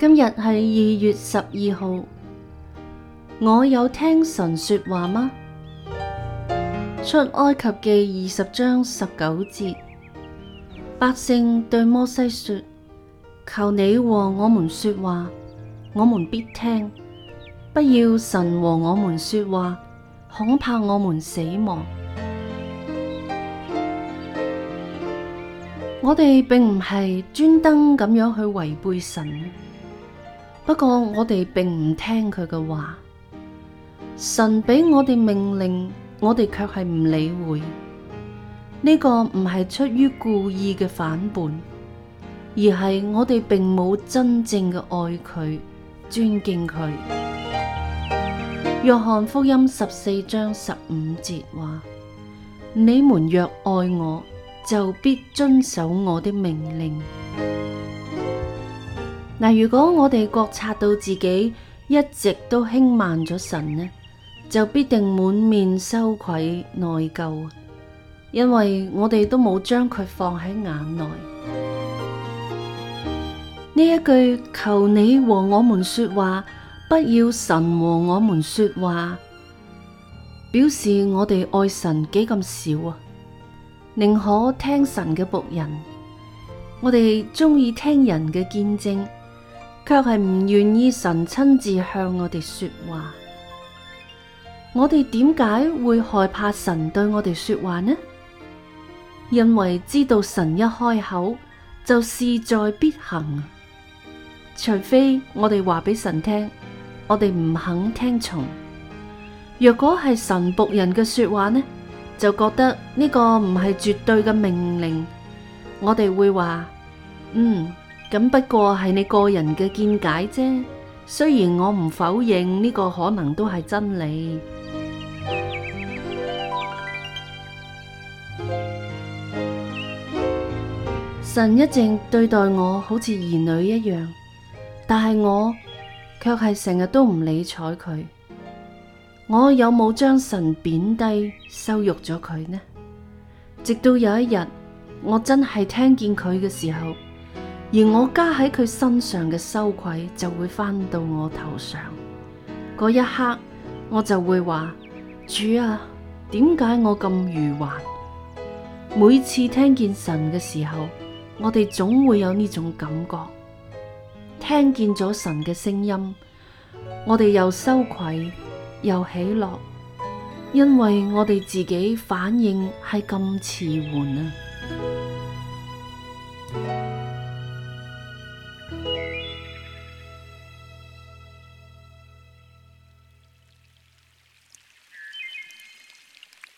今日係二月十二號，我有聽神說話嗎？出埃及記二十章十九節，百姓對摩西說：求你和我們說話，我們必聽；不要神和我們說話，恐怕我們死亡。我哋並唔係專登咁樣去違背神。不過我哋並唔聽佢嘅話，神俾我哋命令，我哋卻係唔理會。呢個唔係出於故意嘅反叛，而係我哋並冇真正嘅愛佢、尊敬佢。約翰福音十四章十五節話：你們若愛我，就必遵守我的命令。嗱，如果我哋覺察到自己一直都輕慢咗神呢，就必定滿面羞愧內疚，因為我哋都冇將佢放喺眼內。呢一句求你和我們說話，不要神和我們說話，表示我哋愛神幾咁少啊！寧可聽神嘅僕人，我哋中意聽人嘅見證。卻係唔願意神親自向我哋說話。我哋點解會害怕神對我哋說話呢？因為知道神一開口，就事在必行，除非我哋話俾神聽，我哋唔肯聽從。若果係神僕人嘅說話呢，就覺得呢個唔係絕對嘅命令，我哋會話嗯。咁不過係你個人嘅見解啫，雖然我唔否認呢個可能都係真理。 神一直對待我好似兒女一樣，但係我卻係成日都唔理睬佢。我有冇將神貶低羞辱咗佢呢？直到有一日，我真係聽見佢嘅時候，而我加喺佢身上嘅羞愧就會返到我頭上。嗰一刻，我就會話，主啊，點解我咁愚頑？每次聽見神嘅時候，我哋總會有呢種感覺。聽見咗神嘅聲音，我哋又羞愧又喜樂，因為我哋自己反應係咁遲緩啊。